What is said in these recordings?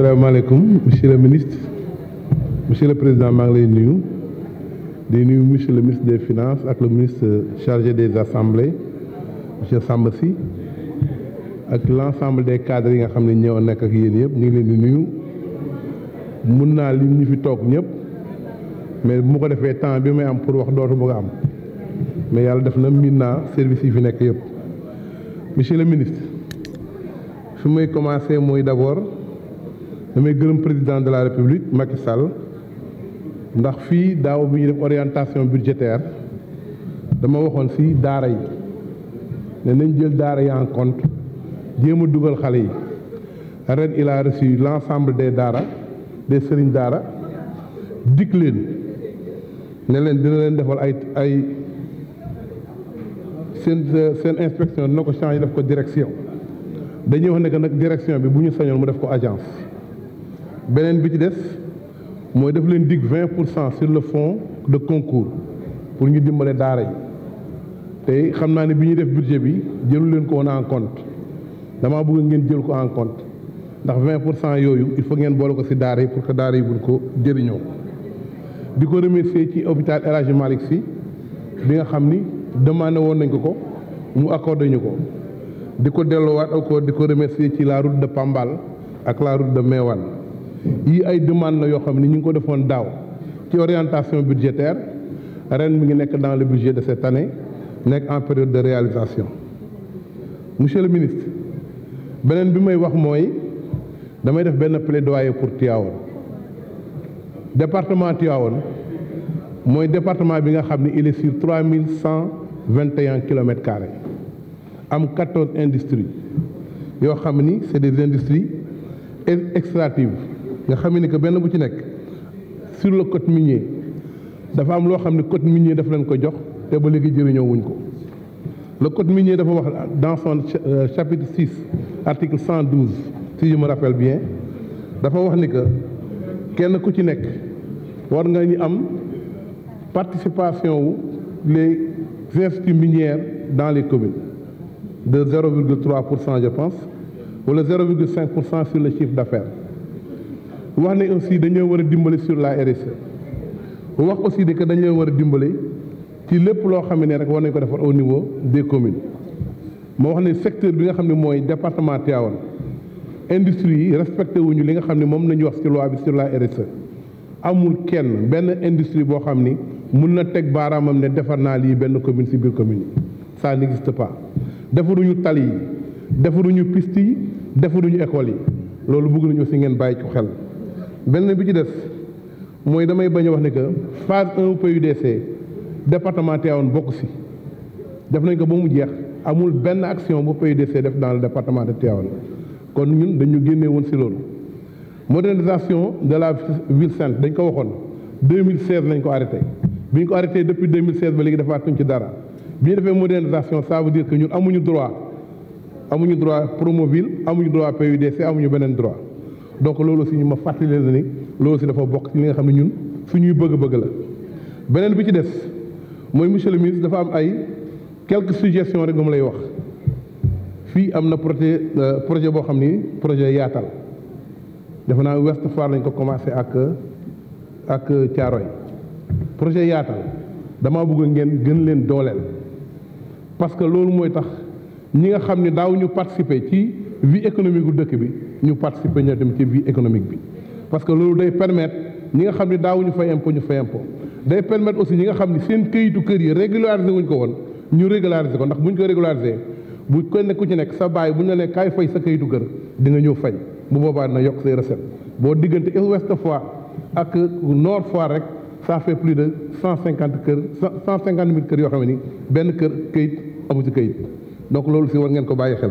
monsieur le ministre monsieur le président monsieur le ministre des finances avec le ministre chargé des assemblées monsieur Samba avec l'ensemble des cadres yi nga ñëw ak nous sommes ngi leen mais bu temps mais service monsieur le ministre je vais commencer d'abord. damay gërëm président de la république Macky Sall ndax fii daaw bi ñu def orientation budgétaire dama waxoon si daara yi ne nañ jël daara yi en compte jéem a dugal xale yi ren il a reçu l' ensemble des daara des sëriñ daara dikk leen ne leen dina leen defal ay ay seen seen inspection dina ko changé def ko direction dañuy wax ne que nag direction bi bu ñu sañoon mu def ko agence beneen bi ci des mooy daf leen dig vingt sur le fonds de concours pour ñu dimbale daara yi te xam ni ne bi ñuy def budget bi jëlu leen ko woon en compte damaa bëgg ngeen jël ko en compte ndax vingt pour il faut ngeen boole ko ci daara yi pour que daara yi buñ ko jëriñoo di ko remercier ci hôpital El Hadji Malick Sy bi nga xam demandé woon nañ ko ko mu accordé ñu ko di ko delluwaat encore di ko remercier ci la route de Pambal ak la route de Mewane Il ay demande la yoo xam ñu ko orientation budgétaire ren mi dans le budget de cette année nekk en période de réalisation monsieur le ministre je bi may wax mooy damay def benn plaidoyer pour département le département bi nga il est sur 3121 km cent am industries yoo xam c'est des industries extractives nga xam ni que bu ci sur le code minier dafa am loo xam ne code minier daf leen ko jox te ba léegi le code minier dafa dans son euh, chapitre 6 article 112 si je me rappelle bien dafa wax ni que kenn ku ci nekk war nga ñu am participation wu les instituts minières dans les communes de 0,3 je pense ou le 0,5 sur le chiffre d'affaires wax ne aussi dañoo war a dimbali sur la RSE wax aussi que dañoo war a dimbali ci lépp loo xam ne rek war nañ ko defar au niveau des commune moo wax ne secteur bi nga xam ne mooy département Tivaouane industrie yi respecté wuñu li nga xam ne moom nañu wax ci bi sur la RSE amul kenn benn industrie boo xam ni mun na teg baaraamam ne defar naa lii benn commune ci biir commune yi ça n'existe pas defaruñu tali yi defaruñu piste yi defaruñu école yi loolu bëgg nañu aussi ngeen bàyyi ci xel benn bi ci des mooy damay bañ a wax ne que phase 1 PUDC département Tivaouane bokk si def nañ ko ba mu jeex amul benn action bu PUDC def dans le département de Tivaouane kon ñun dañu génne woon si loolu modernisation de la ville sainte dañ ko waxoon 2016 lañ ko arrêté bi ñu ko arrêté depuis 2016 ba léegi defaatuñ ci dara bi ñu defee modernisation ça veut dire que ñun amuñu droit amuñu droit Promoville amuñu droit PUDC amuñu beneen droit donc loolu aussi ñu ma fàttali leen ni loolu aussi dafa bokk ci li nga xam ne ñun ñuy bëgg-bëgg la beneen bi ci des mooy monsieur le ministre dafa am ay quelques suggestions rek mu lay wax fii am na projet euh, projet boo xam ni projet yaatal defe naa Ouest Foire lañ ko commencé ak ak Thiaroye projet yaatal damaa bëgg ngeen gën leen dooleel parce que loolu mooy tax ñi nga xam ne ñu participer ci vie économique gu dëkk bi ñu participer ñoo dem ci vie économique bi parce que loolu day permettre ñi nga xam ne daawuñu fay impôt ñu fay impôt day permettre aussi ñi nga xam ni seen këyitu kër yi régulariser wuñ ko woon ñu régulariser ko ndax buñ ko régulariser bu kenn ku ci nekk sa baay bu ñu la nee kaay fay sa këyitu kër di nga ñëw fay bu boobaa dina yokk say recette boo diggante ouest Foire ak nord Foire rek sa fait plus de cent cinquante kër cent cinquante mille kër yoo xam ne ni benn kër këyit amu ci këyit donc loolu si war ngeen ko bàyyi xel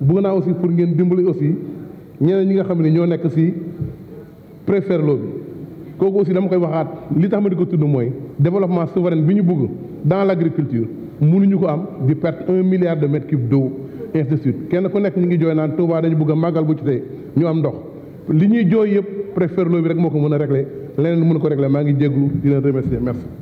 bugg naa aussi pour ngeen dimbali aussi ñeneen ñi nga xam ne ñoo nekk si préféreloo bi kooku aussi dama koy waxaat li tax ma di ko tudd mooy développement souveraine bi ñu bëgg dans l' agriculture mënuñu ko am di perte un milliard de mètres cubes d' eau ainsi kenn ku nekk ñu ngi jooy naan Touba dañu bëgg a màggal bu ci ñu am ndox li ñuy jooy yëpp préféreloo bi rek moo ko mën a régler leneen mën ko régler maa ngi jéglu di leen remercier merci